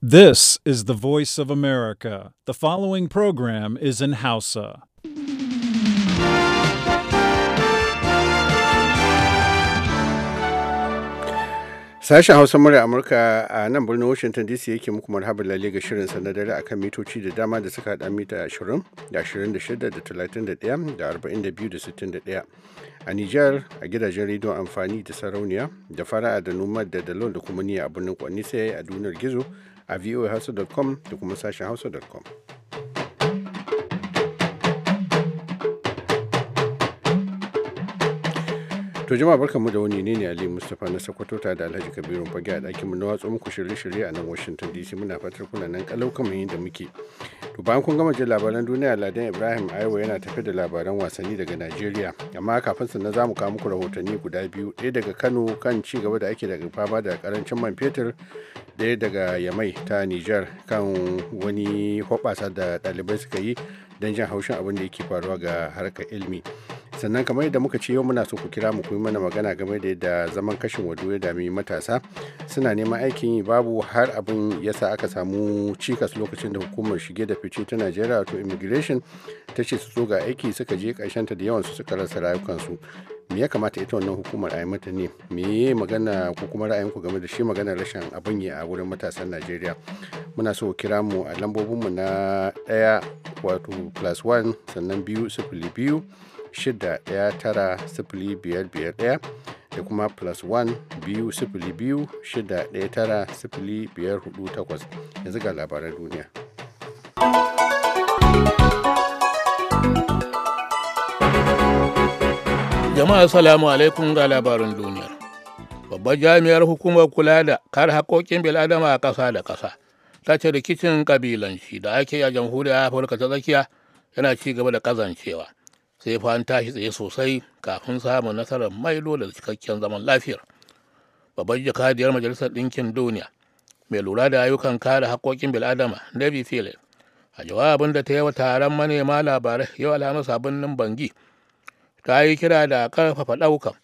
This is the voice of America. The following program is in Hausa. Sashen Hausa murya Amurka a nan birnin Washington DC yake muku marhaban lalle ga shirin sa na dare akan mitoci da dama da suka hada mita 20 da 26 da 31 da 42 da 61. A Nijar a gidajen rediyon amfani da sarauniya da fara'a da noma da dalon da kuma niyya a birnin sai a duniyar gizo a voahausa.com da kuma sashen hausa.com. To jama'a mu da wani ne ne Ali Mustapha na sakwato ta da Alhaji Kabiru fage a ɗakin mu na watsu muku shirye-shirye a nan Washington DC muna fatar kuna nan kalau kamar da muke. To bayan kun gama jin labaran duniya Ladan Ibrahim Aiwa yana tafi da labaran wasanni daga Najeriya amma kafin sannan za mu kawo muku rahotanni guda biyu ɗaya daga Kano kan ci gaba da ake daga fama da karancin man fetur ɗaya daga Yamai ta Niger kan wani hoɓasa da ɗalibai suka yi don jin haushin abin da yake faruwa ga harkar ilimi sannan kamar yadda muka ce yau muna so ku kira mu ku yi mana magana game da yadda zaman kashin wado ya dami matasa suna neman aikin yi babu har abin yasa aka samu cikas lokacin da hukumar shige da fice ta nigeria to immigration ta ce su zo ga aiki suka je ƙarshen da yawan su suka rasa rayukansu me ya kamata ita wannan hukumar a yi mata ne me magana ko kuma ra'ayinku game da shi maganar rashin abin yi a wurin matasan najeriya muna so kira mu a lambobinmu na ɗaya wato plus one sannan biyu sifili biyu shida ɗaya tara sifili biyar biyar ɗaya da kuma plus one biyu sifili biyu shida ɗaya tara sifili biyar hudu takwas yanzu ga labaran duniya. Jama'a salamu alaikum ga labarin duniyar. Babbar jami'ar hukumar kula da kare haƙoƙin bil'adama a ƙasa da ƙasa ta ce rikicin ƙabilanci da ake a jamhuriyar Afirka ta tsakiya yana ci gaba da ƙazancewa. Sai fa an tashi tsaye sosai kafin samun nasarar mailo da cikakken zaman lafiyar. Babbar jakadiyar Majalisar Ɗinkin Duniya mai lura da ayyukan kare haƙoƙin bil'adama Debbie philip a jawabin da ta yi wa taron manema labarai yau alhamis a birnin Bangi. ta yi kira da ƙarfafa ɗaukan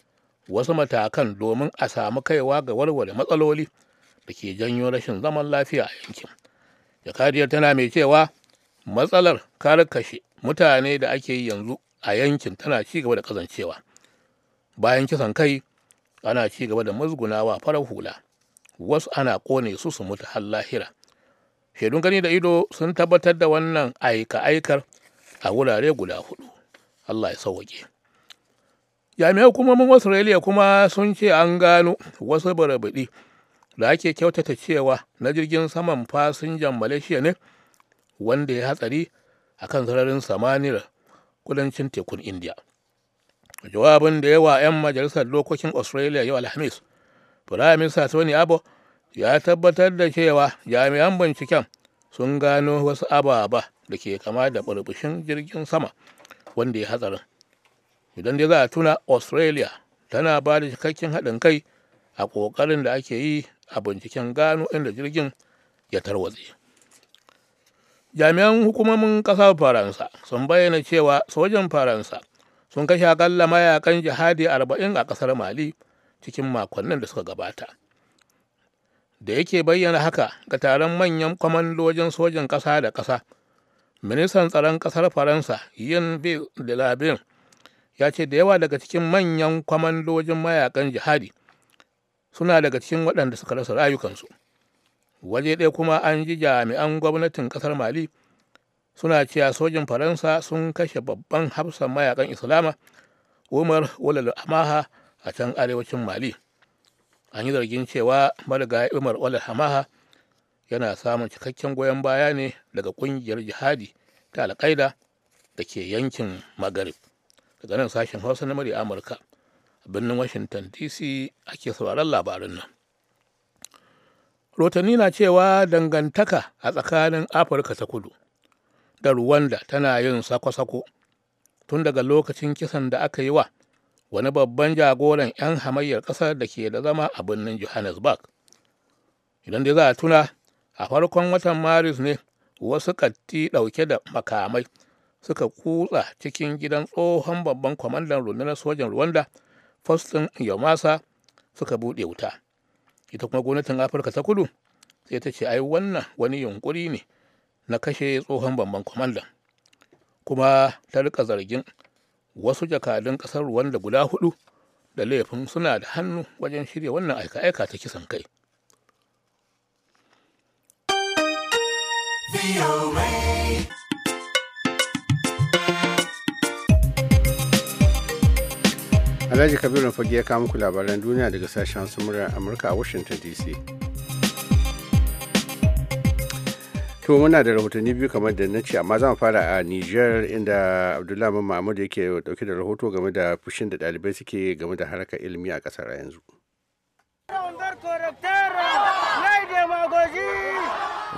wasu matakan domin a samu kaiwa ga warware matsaloli da ke janyo rashin zaman lafiya a yankin jakadiyar tana mai cewa matsalar karkashe mutane da ake yi yanzu a yankin tana ci gaba da kazancewa bayan kisan kai ana ci gaba da mazgunawa farar hula wasu ana kone su su mutu har lahira shaidun gani da ido sun tabbatar da wannan aika-aikar a wurare guda hudu allah ya sauwaƙe jami'an hukumomin australia kuma sun ce an gano wasu barabadi da ake kyautata cewa na jirgin saman fasinjan malaysia ne wanda ya hatsari a kan sararin samaniyar kudancin tekun india jawabin da yawa 'yan majalisar dokokin australia yau alhamis firaminista tony abo ya tabbatar da cewa jami'an binciken sun gano wasu ababa da ke kama da burbushin jirgin sama wanda ya hatsarin idan dai za a tuna australia tana ba da cikakken haɗin kai a ƙoƙarin da ake yi a binciken gano inda jirgin ya tarwatse jami'an hukumomin ƙasar faransa sun bayyana cewa sojan faransa sun kashe akalla mayakan jihadi arba'in a ƙasar mali cikin makonnin da suka gabata da yake bayyana haka ga taron manyan kwamandojin sojan ƙasa da ƙasa ministan tsaron ƙasar faransa yin de labin ya ce da yawa daga cikin manyan kwamandojin mayakan jihadi suna daga cikin waɗanda suka rasa rayukansu waje ɗaya kuma an ji jami'an gwamnatin ƙasar mali suna cewa sojin faransa sun kashe babban hafsan mayakan islama umar walal hamaha a can arewacin mali an yi zargin cewa malaga umar walal hamaha yana samun cikakken goyon baya ne daga ƙungiyar jihadi ta alƙaida da ke yankin magarib daga nan sashen hausa na murya amurka a birnin washington dc ake sauraron labarin nan rotanni na cewa dangantaka a tsakanin afirka ta kudu da rwanda tana yin sako-sako tun daga lokacin kisan da aka yi wa wani babban jagoran 'yan hamayyar ƙasar da ke da zama a birnin johannesburg idan dai za a tuna a farkon watan maris ne wasu katti ɗauke da makamai suka kutsa cikin gidan tsohon babban kwamandan rundunar sojan rwanda faustin yamasa suka buɗe wuta ita kuma gwamnatin afirka ta kudu sai ta ce ai wannan wani yunkuri ne na kashe tsohon babban kwamandan kuma ta rika zargin wasu jakadun ƙasar rwanda guda hudu da laifin suna da hannu wajen shirya wannan aika-aika ta kisan kai Alhaji Kabiru fage ya kawo muku labaran duniya daga sashen samura murar Amurka a Washington DC. To muna da rahotanni biyu kamar da na ce amma zan fara a Niger inda Abdullahi Mahmud yake dauke da rahoto game da fushin da ɗalibai suke game da harkar ilimi a ƙasar yanzu.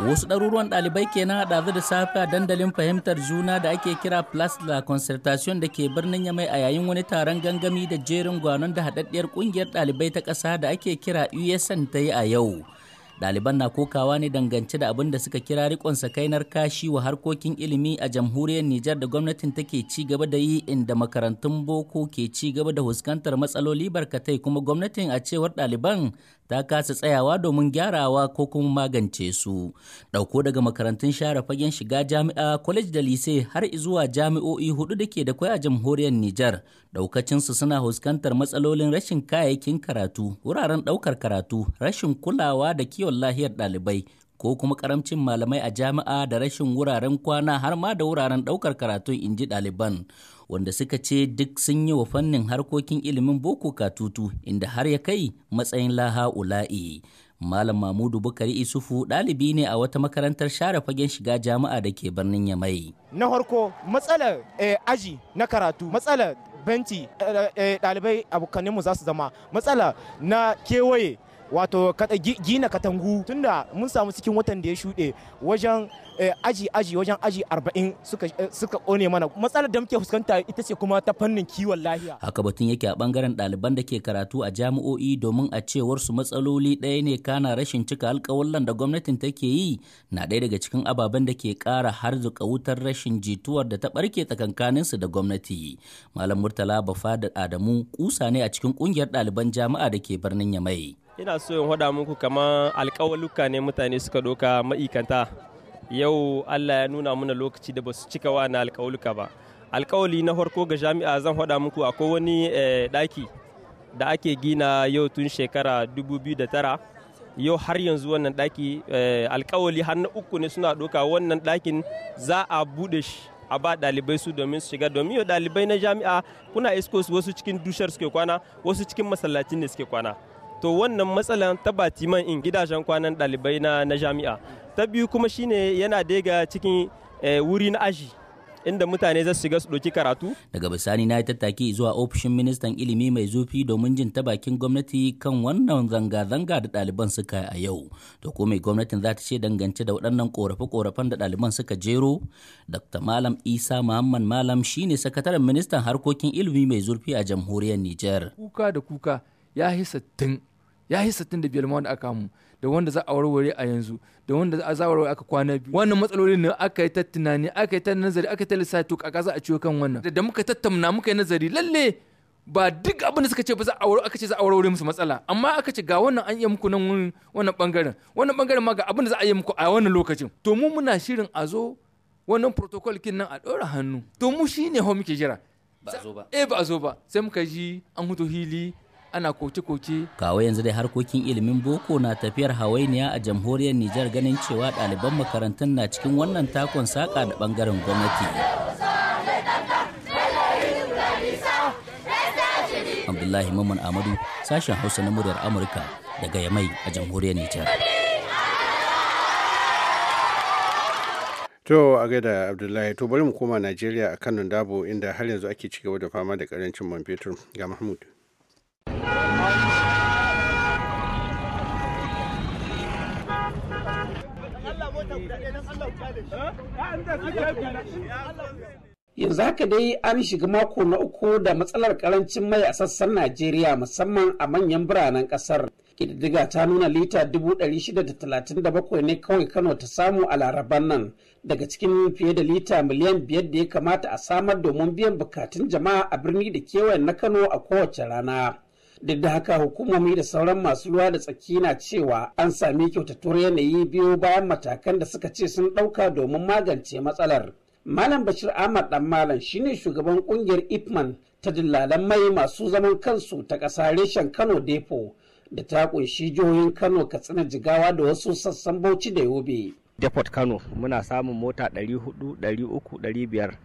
wasu ɗaruruwan ɗalibai ke nan da safe a dandalin fahimtar juna da ake kira plus la concertation da ke birnin yamai a yayin wani taron gangami da jerin gwanon da haɗaɗɗiyar ƙungiyar ɗalibai ta ƙasa da ake kira usn ta yi a yau ɗaliban na kokawa ne dangance da abin da suka kira rikon sakainar kashi wa harkokin ilimi a jamhuriyar nijar da gwamnatin take ci gaba da yi inda makarantun boko ke ci gaba da fuskantar matsaloli barkatai kuma gwamnatin a cewar ɗaliban ta kasa tsayawa domin gyarawa ko kuma magance su ɗauko daga makarantun share fagen shiga jami'a college da lise har zuwa jami'o'i hudu da ke da kwai a jamhuriyar nijar ɗaukacinsu suna fuskantar matsalolin rashin kayayyakin karatu wuraren ɗaukar karatu rashin kulawa da kiwon lahiyar ɗalibai ko kuma karamcin malamai a jami'a da rashin wuraren kwana har ma da wuraren ɗaukar karatun inji ɗaliban wanda suka ce duk sun yi wa fannin harkokin ilimin boko katutu inda har ya kai matsayin laha ula'i Malam Mamudu Bukari Isufu ɗalibi ne a wata makarantar share fagen shiga jama'a da ke birnin Yamai. Na harko matsalar eh, aji na karatu, matsalar benci eh, eh, ɗalibai abokaninmu za su zama, matsala na kewaye wato gina katangu tunda mun samu cikin watan da ya shuɗe wajen eh, aji aji wajen aji arba'in eh, suka ƙone mana matsalar da muke fuskanta ita ce kuma ta fannin kiwon lafiya haka batun yake a bangaren ɗaliban da ke karatu a jami'o'i domin a cewar su matsaloli ɗaya ne kana rashin cika alƙawallan da gwamnatin take yi na ɗaya daga cikin ababen da ke ƙara harzuka wutar rashin jituwar da ta ɓarke tsakankaninsu da gwamnati malam murtala bafa da adamu kusa ne a cikin ƙungiyar ɗaliban jami'a da ke birnin yamai ina so in hada muku kamar alƙawaluka ne mutane suka doka ma'ikanta yau allah ya nuna mana lokaci da ba su cika wa na alkawaluka ba alkawali na farko ga jami'a zan hada muku a wani daki eh, da ake gina yau tun shekara 2009 yau har yanzu wannan ɗaki eh, alkawali har na uku ne suna doka wannan ɗakin za a buɗe shi a ba ɗalibai su domin su shiga domin yau ɗalibai na jami'a kuna iskos wasu cikin dushar suke kwana wasu cikin masallacin ne suke kwana to wannan matsalan ta man in gidajen kwanan dalibai na, na jami'a ta biyu kuma shine yana daga cikin eh, wuri na aji inda mutane za su shiga su ɗauki karatu. Daga bisani na yi tattaki zuwa ofishin ministan ilimi mai zufi domin jin ta bakin gwamnati kan wannan zanga-zanga da ɗaliban suka a yau. to ko mai gwamnatin za ta ce dangance da waɗannan ƙorafe-ƙorafen da ɗaliban suka jero? Dr. Malam Isa Muhammad Malam shine sakataren ministan harkokin ilimi mai zurfi a jamhuriyar Nijar. Kuka da kuka ya hisa tun. ya yi da biyar wanda aka mu da wanda za a warware a yanzu da wanda za a warware aka kwana biyu wannan matsalolin ne aka yi ta tunani aka yi ta nazari aka yi ta lissafi to kaka za a ciwo kan wannan da muka tattauna muka yi nazari lalle ba duk abin da suka ce ba za a aka ce za a warware musu matsala amma aka ce ga wannan an yi muku nan wannan bangaren wannan bangaren ma ga abin da za a yi muku a wannan lokacin to mu muna shirin a zo wannan protocol kin nan a ɗora hannu to mu shine ho muke jira ba a zo ba eh ba a zo ba sai muka ji an huto hili ana koki koki Kawo yanzu dai harkokin ilimin boko na tafiyar hawainiya a jamhuriyar Nijar ganin cewa ɗaliban makarantun na cikin wannan takon saka da bangaren gwamnati. Abdullahi Mamman Amadu sashen Hausa na muryar Amurka daga Yamai a jamhuriyar Nijar. To a gaida Abdullahi to bari mu koma Najeriya a Kano Dabo inda har yanzu ake cigaba da fama da karancin man fetur ga Mahmud. Yanzu haka dai an shiga mako na uku da matsalar karancin mai a sassan Najeriya musamman a manyan biranen kasar. Ƙididdiga ta nuna lita 637 ne kawai Kano ta samu a laraban nan daga cikin fiye da lita miliyan biyar da ya kamata a samar domin biyan bukatun jama'a a birni da kewayen na Kano a kowace rana. duk da haka hukumomi da sauran masu ruwa da tsaki na cewa an sami kyautatuwar yanayi biyu bayan matakan da suka ce sun ɗauka domin magance matsalar malam bashir ahmad dan malam shine shugaban kungiyar ipman ta dillalan mai masu zaman kansu ta ƙasa reshen kano depo da ta kunshi jihohin kano katsina jigawa da wasu sassan bauchi da yobe depot kano muna samun mota 400 300 500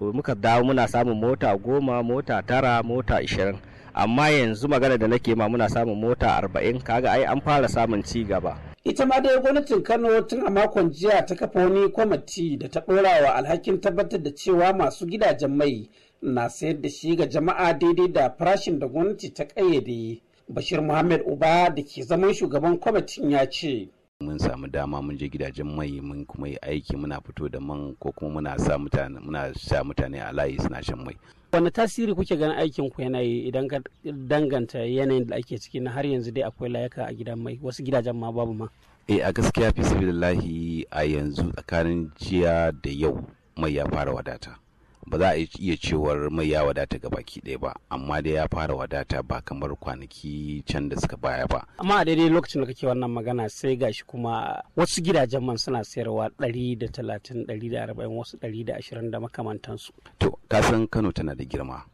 to muka dawo muna samun mota goma mota tara mota ishirin amma yanzu magana da nake ma muna samun mota arba'in kaga ai an fara samun ci gaba ita ma dai gwamnatin kano tun a makon jiya ta kafa wani kwamiti da ta ɗora wa alhakin tabbatar da cewa masu gidajen mai na sayar da shi ga jama'a daidai da farashin da gwamnati ta ƙayyade bashir muhammad uba da ke zaman shugaban kwamitin ya ce mun samu dama mun je gidajen mai mun kuma yi aiki muna fito da man ko kuma muna sa mutane muna sa mutane a layi suna shan mai wani tasiri kuke ganin aikin ku yana yi idan ka danganta yanayin da ake ciki na har yanzu dai akwai layaka a gidan mai wasu gidajen ma babu ma eh a gaskiya fi lahi a yanzu tsakanin jiya da yau mai ya fara wadata ba za a iya cewar mai ya wadata ga baki ɗaya ba amma dai ya fara wadata ba kamar kwanaki can da suka baya ba amma a daidai lokacin da kake wannan magana sai ga shi kuma wasu gidajen man suna sayarwa ɗari da talatin ɗari da arba'in wasu ɗari da ashirin da makamantansu to kasan kano tana da girma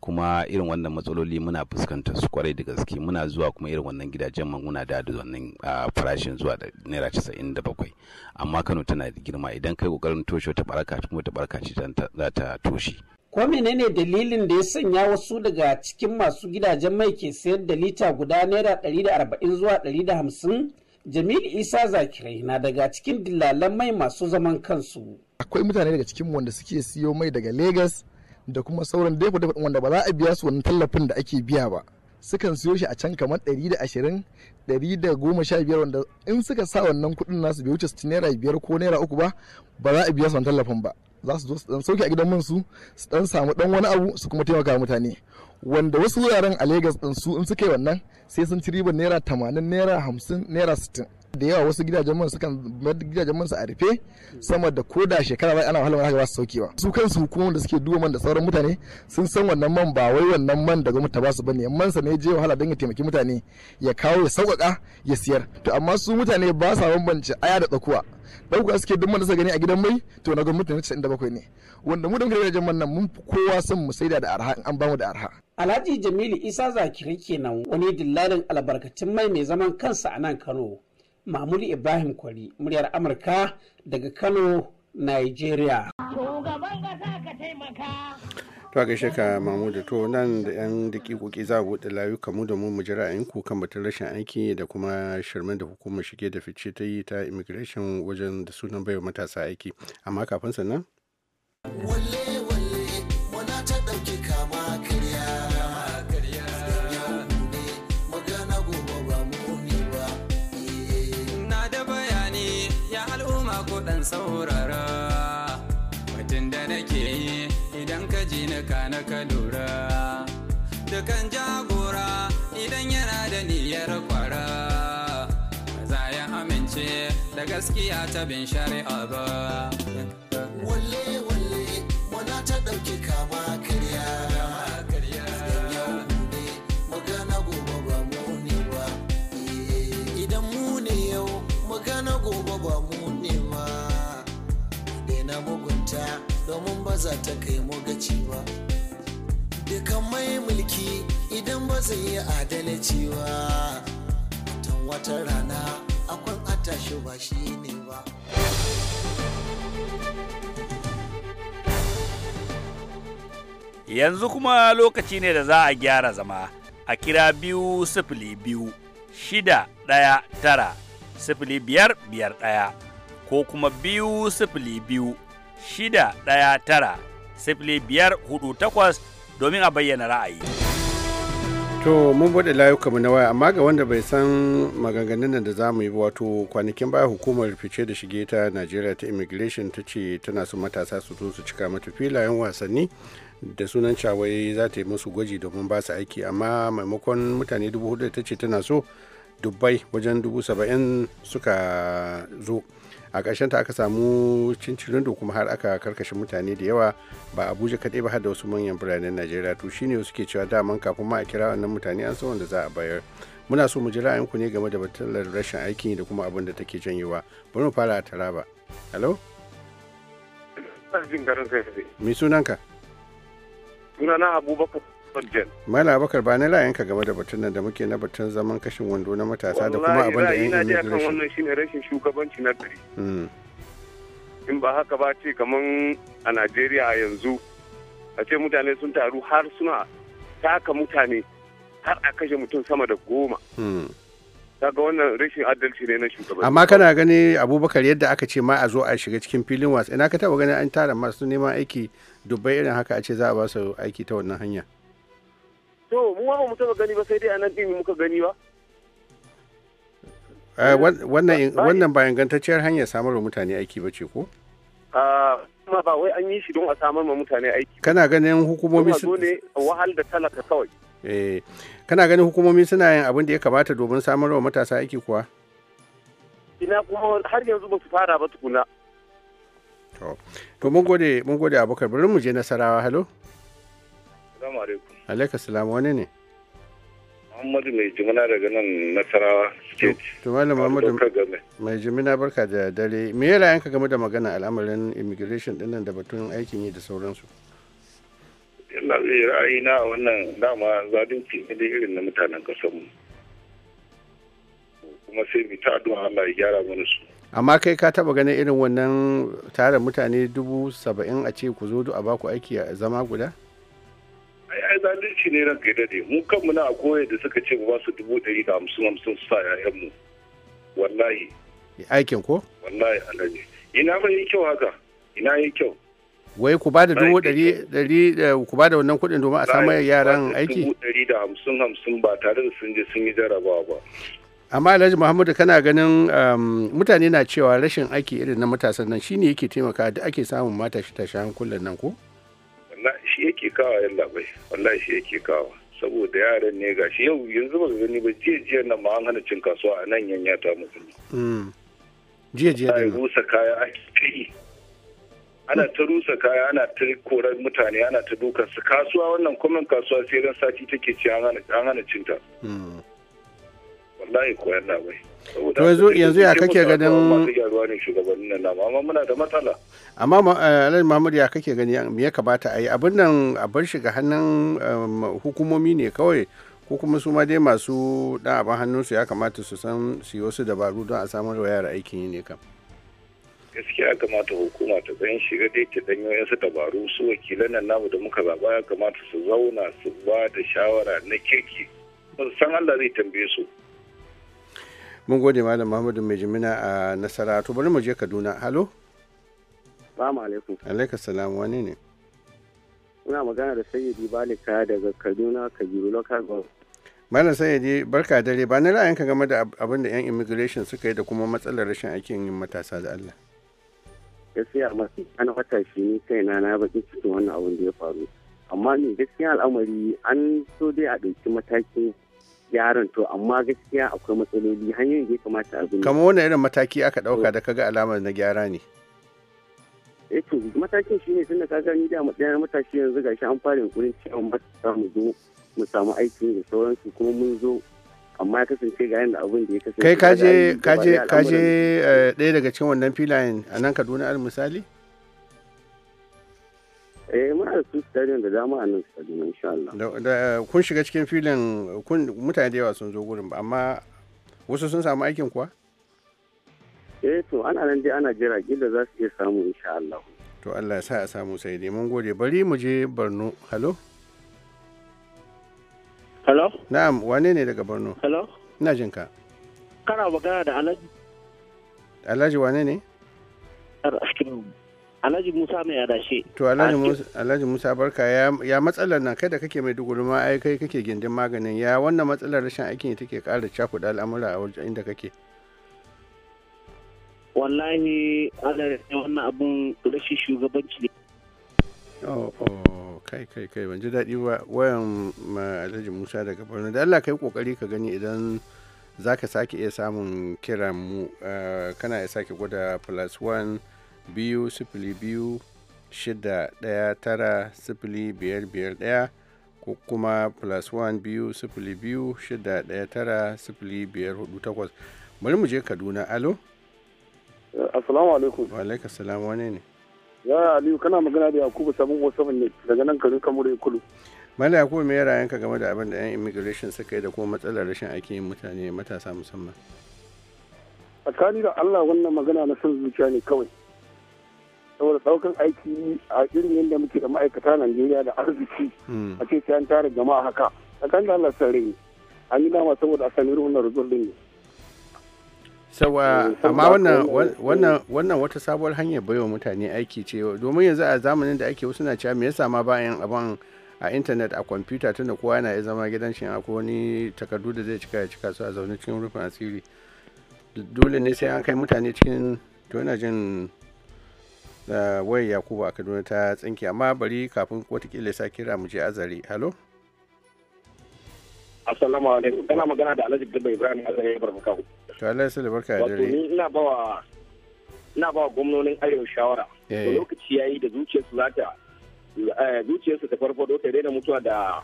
kuma irin wannan matsaloli muna fuskantar su kwarai da gaske muna zuwa kuma irin wannan gidajen man muna da wannan farashin zuwa da naira casa'in da bakwai amma kano tana da girma idan kai kokarin toshe ta baraka kuma ta baraka ce za ta toshe ko menene dalilin da ya sanya wasu daga cikin masu gidajen mai ke sayar da lita guda naira ɗari da 140 zuwa 150 jamilu isa zakirai na daga cikin dillalan mai masu zaman kansu akwai mutane daga cikin wanda suke siyo mai daga lagos da kuma sauran dafa dafa wanda ba za a biya su wani tallafin da ake biya ba sukan siyo shi a can kamar ɗari ɗari da ashirin goma sha biyar wanda in suka sa wannan kuɗin nasu bai wuce naira biyar ko naira uku ba ba za a biya su wani tallafin ba za su zo su dan sauke a gidan su su ɗan samu dan wani abu su kuma taimaka mutane wanda wasu wuraren a Legas din su in suka yi wannan sai sun ci ribar naira tamanin naira hamsin naira sittin da yawa wasu gidajen man sukan gidajen man su a rufe sama da koda shekara bai ana haka ba su sauke ba su kansu hukumomin da suke duba man da sauran mutane sun san wannan man ba wai wannan man da gwamnati ba su bane man sa ne je wahala don ya taimaki mutane ya kawo ya sauƙaƙa ya siyar to amma su mutane ba sa bambance aya da tsakuwa ɗauka suke duk man da suka gani a gidan mai to na gwamnati na 97 ne wanda mu da muke gidajen man nan mun kowa son mu saida da arha in an bamu da arha Alhaji Jamilu Isa Zakiri kenan wani dillalin albarkacin mai mai zaman kansa a nan Kano Mamuli Ibrahim Kwari, muryar Amurka daga Kano, Nigeria. to ga ka mamu da to nan da yan dakikoki za a buɗe layuka mu da mu mu jira ku kan batun rashin aiki da kuma shirmen da hukumar shige da fice ta yi ta immigration wajen da sunan baiwa matasa aiki amma kafin sannan. shi na ka na ka lura dukan jagora idan yana da niyyar kwara za ya amince da gaskiya ta bin shari'a ba walle walle wala ta ka ba domin ba za ta kai mu gaci ba dukan mai mulki idan ba zai yi adalci ba tan wata rana akwai atashi ba shi ne ba yanzu kuma lokaci ne da za a gyara zama a kira biyu sifili biyu shida ɗaya tara sifili biyar biyar ɗaya ko kuma biyu sifili biyu shida ɗaya tara sifili biyar hudu takwas domin a bayyana ra'ayi. To mun buɗe mu na waya amma ga wanda bai san maganganun da za mu yi wato kwanakin baya hukumar fice da shige ta Najeriya ta immigration ta ce tana so matasa su zo su cika mata filayen wasanni da sunan cawai za ta yi musu gwaji domin ba su aiki amma maimakon mutane dubu hudu ta ce tana so dubbai wajen dubu saba'in suka zo a ƙarshen ta aka samu cincirin da kuma har aka karkashe mutane da yawa ba abuja kaɗai ba har da wasu manyan biranen najeriya to shine suke cewa daman kafin ma a kira wannan mutane an san wanda za a bayar muna so mu ji ra'ayinku ne game da batalar rashin aikin da kuma abin da take janyewa bari mu fara a taraba hello mai sunanka sunana abubakar Jan. Mala Bakar ba ni ra'ayinka game da batun nan da muke na batun zaman kashin wando na matasa da kuma abin da yin yan immigration. Wallahi wannan shine rashin shugabanci na gari. Hmm. In ba haka ba ce kaman a Najeriya yanzu a ce mutane sun taru har suna taka mutane har a kashe mutum sama da goma. Hmm. kaga wannan rashin adalci ne na shugabanci amma kana gani abubakar yadda aka ce ma a zo a shiga cikin filin wasa ina ka taba ganin an tara masu neman aiki dubbai irin haka a ce za a ba su aiki ta wannan hanya to mu ba mu taba gani ba sai dai anan din muka gani eh, ba wannan ba ingantacciyar hanyar samar wa mutane aiki ba ce ko? Ah, kuma ba wai an yi shi don a samar ma mutane aiki. Kana ganin hukumomi su ne wahal da talaka kawai. Eh kana ganin hukumomi suna yin abin da ya kamata domin samar wa matasa aiki kuwa? Ina kuma har yanzu ba su fara ba tukuna. To mun gode mun gode abokan birnin mu je Nasarawa halo. Assalamu alaikum. alaika salam wani ne muhammadu mai jimina daga nan nasarawa state tumali muhammadu mai jimina barka da dare me yi ra'ayinka game da magana al'amarin immigration dinnan da batun aikin yi da sauransu yana zai ra'ayi na wannan dama zalunci ne da irin na mutanen mu kuma sai mu ta addu'a Allah ya gyara mana su amma kai ka taba ganin irin wannan tare mutane dubu saba'in a ce ku zo a baku aiki a zama guda zalunci ne ranka da dai mu kanmu na agoye da suka ce ba su dubu ɗari da hamsin hamsin su sa ƴaƴanmu wallahi aikin ko wallahi alaji ina ba yi kyau haka ina yi kyau wai ku ba da dubu ɗari ɗari eh, ku ba da wannan kuɗin domin a samu yaran aiki dubu ɗari da hamsin hamsin ba tare da sun je sun yi jarabawa ba amma alhaji muhammadu kana ganin um, mutane na cewa rashin aiki irin na matasan nan shine yake taimaka da ake samun mata shi tashi hankulan nan ko shi yake kawa yalla bai wallahi shi yake kawa saboda yaran ne gashi yau yanzu ba gani ba jiya jiya na ma an hana cin kasuwa a nan yata musu musulmi mm. jiya jiya da rusa kaya ake kai ana ta rusa kaya ana ta korar mutane ana ta dukan su kasuwa wannan kuma kasuwa sai ran sati take ci an hana cinta. Mm. wallahi yanzu ya kake ganin amma muna da eh, ya kake gani me ya kamata a yi abin nan a bar shi ga hannun um, hukumomi ne kawai ko kuma su ma dai masu dan abin hannunsu ya kamata su san su yi wasu dabaru don a samar wa aikin yi ne kam gaskiya kamata hukuma ta dan shiga dai ta danyo yansu dabaru su wakilan nan namu da muka zaba ya kamata su zauna su ba da shawara na kirki san Allah zai tambaye su mun gode malam muhammadu mai jimina a nasara to bari mu je kaduna halo salamu alaikum alaikum salam wani ne ina magana da sayyidi balika daga kaduna kabiru local government malam sayyidi barka dare ba na ra'ayinka game da abin da yan immigration suka yi da kuma matsalar rashin aikin yin matasa da allah gaskiya masu an wata shi ni kaina na baki cikin wannan abin da ya faru amma ne gaskiya al'amari an so dai a ɗauki matakin yaron to amma gaskiya akwai matsaloli hanyoyin da ya kamata a bi kamar wani irin mataki aka ɗauka da kaga alamar na gyara ne eh to matakin shine da ka gani da ɗaya matashi yanzu gashi an fara yunkurin cewa ba za mu zo mu samu aiki da sauransu kuma mun zo amma ya kasance ga yanda abin da ya kasance kai kaje kaje eh, ɗaya daga cikin wannan filayen a nan Kaduna al misali eh muna da su stadium da dama a nan stadium insha Allah da kun shiga cikin filin kun mutane da yawa sun zo gurin amma wasu sun samu aikin kuwa eh to ana nan dai ana jira gida za su iya samu insha Allah to Allah ya sa a samu sai dai mun gode bari mu je Borno hello hello na'am wane ne daga Borno hello ina jin ka kana magana da Alhaji Alhaji wane ne Alhaji Musa mai adashe. To Alhaji Musa barka ya matsalar nan kai da kake mai dugulma ai kai kake gindin maganin ya wannan matsalar rashin aikin take ƙara cakuɗa al'amura a wajen inda kake. Wallahi Allah wannan abun rashin shugabanci ne. Oh oh kai kai kai ban ji daɗi ba wayan Alhaji Musa daga Borno da Allah kai kokari ka gani idan za ka sake iya samun kiran mu eh, kana ya sake gwada plus one biyu sifili biyu shida ɗaya tara sifili biyar biyar ɗaya ko kuma plus one biyu sifili biyu shida ɗaya tara sifili biyar hudu takwas bari mu je kaduna alo eh, assalamu alaikum wa alaikum salam wane ne ya aliyu kana magana da yakubu sabon wasu oh ne daga nan kaduna kamar kulu mala yakubu me rayan ka game da abin da yan immigration suka yi da kuma matsalar rashin aikin mutane matasa musamman tsakani da allah wannan magana na son zuciya ne kawai saboda saukin aiki a irin yadda muke da ma'aikata Najeriya da arziki hmm. a ce sai an tara jama'a haka A kan Allah sare ne an yi dama saboda a sami wannan result ne sawa eh, amma eh. wannan wannan wata sabuwar hanyar baiwa mutane aiki ce domin yanzu a zamanin da ake wasu na cewa me yasa ma bayan abin a intanet a kwamfuta tunda kowa yana iya zama gidan shi akwai wani takardu da zai cika ya cika su a zaune cikin rufin asiri dole ne sai an kai mutane cikin to yana jin da wayar yakubu a kaduna ta tsinke amma bari kafin watakila sa kira mu je azare halo assalamu alaikum kana magana da alhaji garba ibrahim azare ya barka to allah ya barka da dare ni ina bawa ina wa gwamnonin arewa shawara to eh. lokaci yayi da zuciyarsu za ta eh, zuciyarsu ta farfado ta daina mutuwa da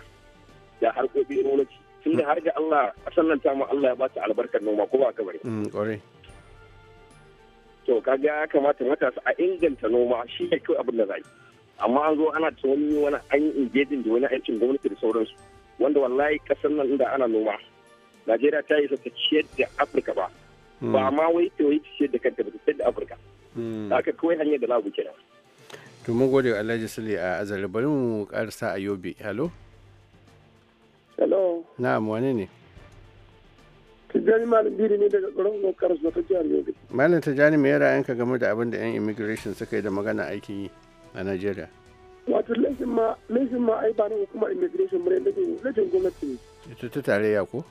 da harkokin gwamnati tunda har ga Allah a sannan ta mu Allah ya ba ta albarkar noma ko ba ka bari to kaga ya kamata matasa a inganta noma shi ne kawai abin da za yi amma an zo ana ta wani wani an ingejin da wani aikin gwamnati da sauransu wanda wallahi kasar nan inda ana noma najeriya ta yi ta ciyar da afirka ba ba hmm. ma wai ta wai ciyar da kanta ba ta ciyar da afirka da hmm. aka kawai hanyar da labu kenan to mun gode alhaji sule a azare bari mu karsa a yobe hello hello na'am wane ne Tijjani Malam Biri ne daga tsaron Karas Zuwa ta jihar Yobe. Malam Tijjani me ra'ayinka game da abin da 'yan immigration suka yi da magana aikin yi a Najeriya? Wato laifin ma laifin ma ai ba na hukumar immigration mure laifin laifin gwamnati ne. Ita ta tarayya ko?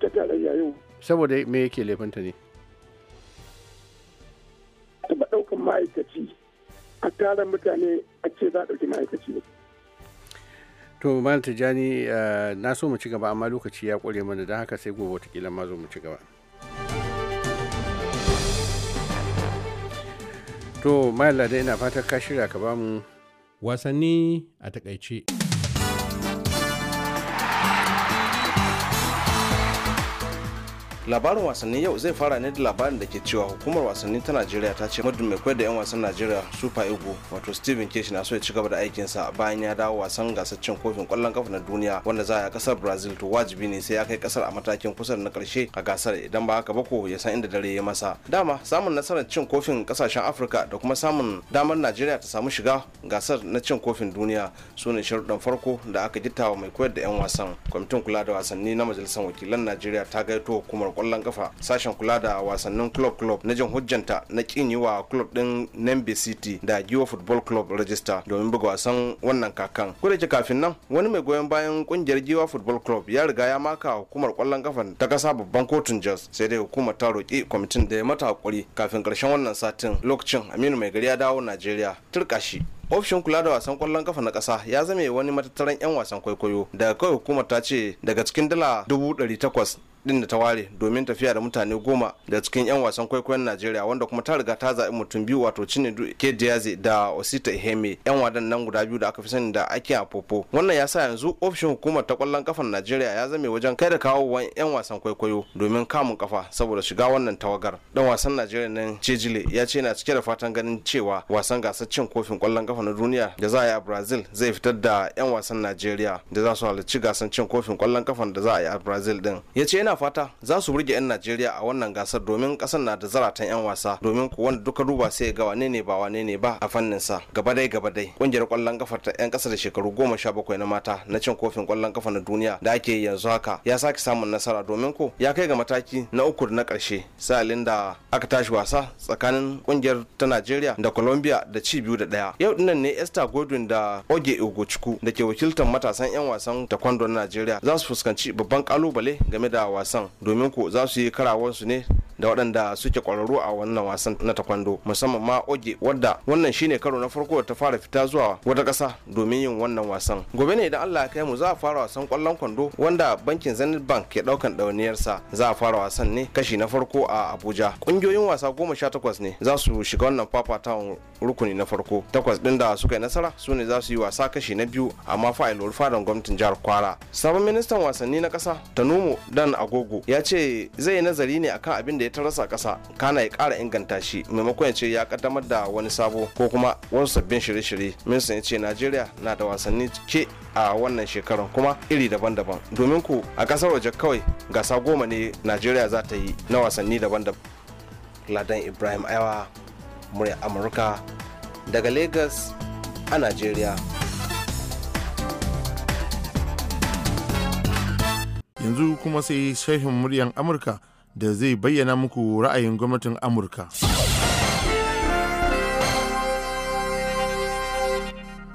Ta tarayya yau. Saboda me yake ta ne? ba ɗaukan ma'aikaci a tara mutane a ce za a ɗauki ma'aikaci ne. to ta tijani eh, na so mu ci gaba amma lokaci ya ƙware mana don haka sai gobe watakila ma zo mu ci gaba to malala da ina fatar ka shirya ka bamu wasanni a takaice labarin wasanni yau zai fara ne da labarin da ke cewa hukumar wasanni ta najeriya ta ce muddin mai koyar da 'yan wasan najeriya super ego wato steven keshi na so ya ci gaba da aikinsa bayan ya dawo wasan gasar cin kofin kwallon kafa na duniya wanda za a yi kasar brazil to wajibi ne sai ya kai kasar a matakin kusa na karshe a gasar idan ba haka ba ko ya san inda dare ya masa dama samun nasarar cin kofin kasashen afirka da kuma samun damar najeriya ta samu shiga gasar na cin kofin duniya su ne sharuɗan farko da aka gittawa mai koyar da 'yan wasan kwamitin kula da wasanni na majalisar wakilan najeriya ta gaito hukumar kwallon kafa sashen kula da wasannin club club na jin hujjanta na kin yi wa club din Nembe City da Giwa Football Club rajista domin buga wasan wannan kakan. Kuda kafin nan wani mai goyon bayan kungiyar Giwa Football Club ya riga ya maka hukumar kwallon kafa ta kasa babban kotun Jos sai dai hukumar ta roki kwamitin da ya mata hakuri kafin karshen wannan satin lokacin Aminu mai gari ya dawo Najeriya turka shi. ofishin kula da wasan kwallon kafa na ƙasa ya zame wani matattaran 'yan wasan kwaikwayo daga kawai hukumar ta ce daga cikin dala dubu din da ta ware domin tafiya da mutane goma da cikin 'yan wasan kwaikwayon najeriya wanda kuma ta riga ta zaɓi mutum biyu wato chinedu ke diaze da osita iheme 'yan wadan nan guda biyu da aka fi sani da ake a apopo wannan ya sa yanzu ofishin hukumar ta kwallon kafa najeriya ya zame wajen kai da kawo wani 'yan wasan kwaikwayo domin kamun kafa saboda shiga wannan tawagar dan wasan najeriya nan cejile ya ce na cike da fatan ganin cewa wasan gasar cin kofin kwallon kafa na duniya da za a yi a brazil zai fitar da 'yan wasan najeriya da za su halarci gasar cin kofin kwallon kafa da za a yi a brazil din ya ce ina fata za su burge 'yan najeriya a wannan gasar domin kasar na da zaratan 'yan wasa domin ku wanda duka duba sai ga wane ne ba wane ne ba a fannin sa gaba dai gaba dai kungiyar kwallon kafa ta 'yan kasa da shekaru goma sha bakwai na mata na cin kofin kwallon kafa na duniya da ake yanzu haka ya sake samun nasara domin ko ya kai ga mataki na uku na karshe salin da aka tashi wasa tsakanin kungiyar ta najeriya da colombia da ci biyu da daya yau dinnan ne esther godwin da oge ogochukwu da ke wakiltar matasan 'yan wasan taekwondo na najeriya za su fuskanci babban kalubale game da wasan domin ko za su yi karawansu ne da waɗanda suke ƙwararru a wannan wasan na taekwondo musamman ma oge wadda wannan shine karo na farko da ta fara fita zuwa wata ƙasa domin yin wannan wasan gobe ne idan Allah ya kai mu za a fara wasan ƙwallon kwando wanda bankin Zenith Bank ke ɗaukan ɗauniyarsa za a fara wasan ne kashi na farko a Abuja ƙungiyoyin wasa goma sha takwas ne za su shiga wannan fafatawan rukuni na farko takwas ɗin da suka yi nasara su ne za su yi wasa kashi na biyu amma fa fa'ilwar fadan gwamnatin jihar Kwara sabon ministan wasanni na ƙasa Tanumu Dan Agogo ya ce zai yi nazari ne akan abin da ya rasa kasa kana ya kara inganta shi maimakon ya ce ya kaddamar da wani sabo ko kuma wasu sabbin shirye-shirye minsan ya ce najeriya na da wasanni ke a wannan shekarar kuma iri daban-daban domin ku a kasar waje kawai gasa goma ne najeriya za ta yi na wasanni daban-daban ladan ibrahim aiwa murya amurka daga lagos a najeriya yanzu kuma sai shehin muryan amurka da zai bayyana muku ra'ayin gwamnatin Amurka.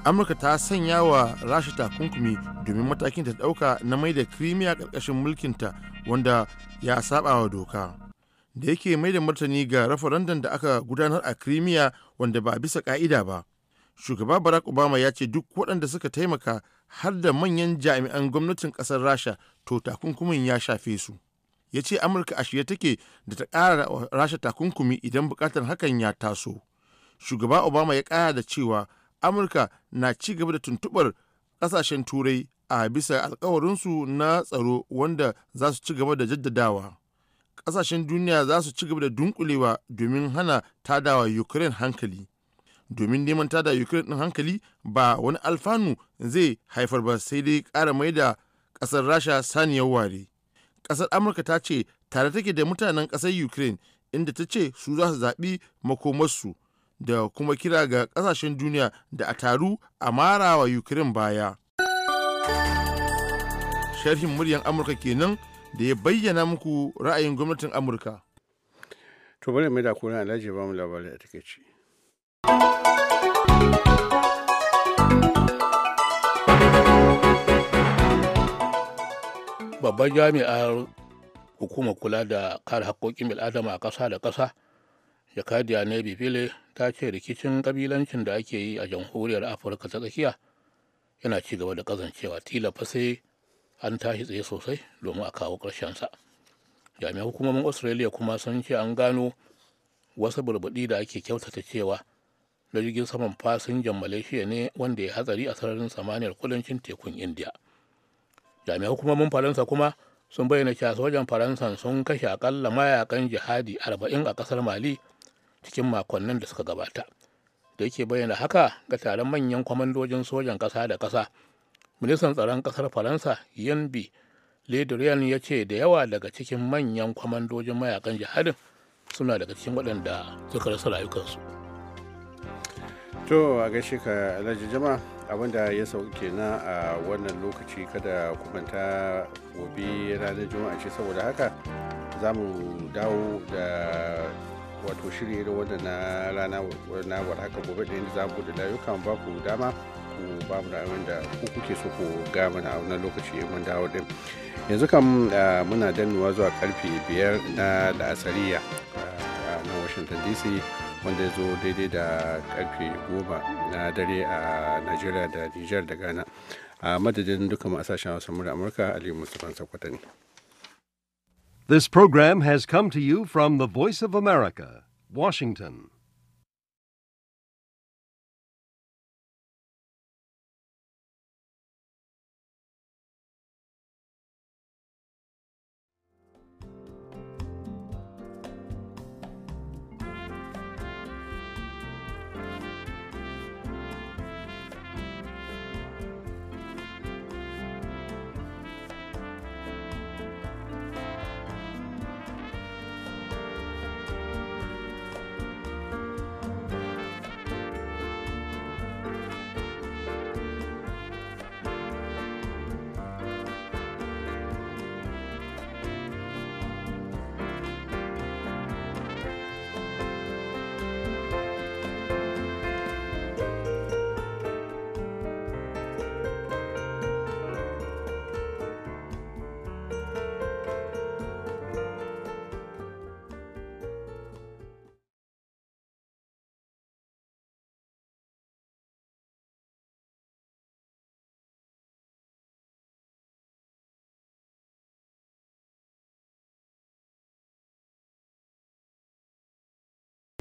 Amurka ta sanya wa Rasha takunkumi domin matakin ta ɗauka na mai da kirimiya ƙarƙashin mulkinta wanda ya saba wa doka. Da yake mai da martani ga rafarandan da aka gudanar a kirimiya wanda ba bisa ƙa'ida ba. shugaba barack obama ya ce duk waɗanda suka taimaka har da manyan jami'an gwamnatin ƙasar rasha to takunkumin ya shafe su ya ce amurka a shirye take da ta kara rasha takunkumi idan bukatar hakan ya taso shugaba obama ya ƙara da cewa amurka na ci gaba da tuntuɓar kasashen turai a bisa alkawarinsu na tsaro wanda za su ci gaba da jaddadawa kasashen duniya za su ci gaba da dunkulewa domin hana tadawa ukraine hankali domin neman tada ukraine din hankali ba wani alfanu zai haifar ba sai dai kara mai da kasar rasha saniyar ware kasar amurka ta ce tare take da mutanen kasar ukraine inda ta ce su za su zaɓi makomarsu da kuma kira ga ƙasashen duniya da a taru a mara wa ukraine baya sharhin muryan amurka kenan da ya bayyana muku ra'ayin gwamnatin amurka to bari mai da kuna alhaji ba mu labarai a takaici babbar jami'ar hukumar kula da kare haƙƙoƙin bil'adama a ƙasa da ƙasa jakadiya ne bibile ta ce rikicin kabilancin da ake yi a jamhuriyar afirka ta tsakiya yana ci gaba da kazancewa tilafa sai an tashi tsaye sosai domin a kawo sa jami'an hukumomin australia kuma sun ce an gano wasu burbuɗi da ake kyautata cewa na jirgin saman fasinjan malaysia ne wanda ya hatsari a sararin samaniyar kudancin tekun india jami'an hukumomin faransa kuma sun bayyana cewa sojan faransa sun kashe akalla mayakan jihadi arba'in a kasar mali cikin makonnin da suka gabata da yake bayyana haka ga taron manyan kwamandojin sojan kasa da kasa ministan tsaron kasar faransa bi ledrian ya ce da yawa daga cikin manyan kwamandojin mayakan jihadin suna daga cikin waɗanda suka rasa rayukansu. to a gaishe ka alhaji jama abinda ya sauke na a wannan lokaci kada ku manta gobe ranar juma'a ce saboda haka za mu dawo da wato shirye da wannan na rana na haka gobe da yadda za mu da layukan ba ku dama ku ba mu da da ku kuke so ku ga mana a wannan lokaci mun dawo din yanzu kam muna dannuwa zuwa karfe biyar na asariya a nan washington dc wanda zo daidai da karfe goma na dare a da da ghana a madadin duka hausa mura amurka ali mustapha sakwata ne this program has come to you from the voice of america washington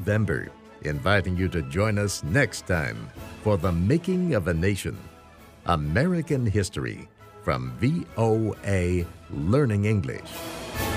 Bember, inviting you to join us next time for The Making of a Nation American History from VOA Learning English.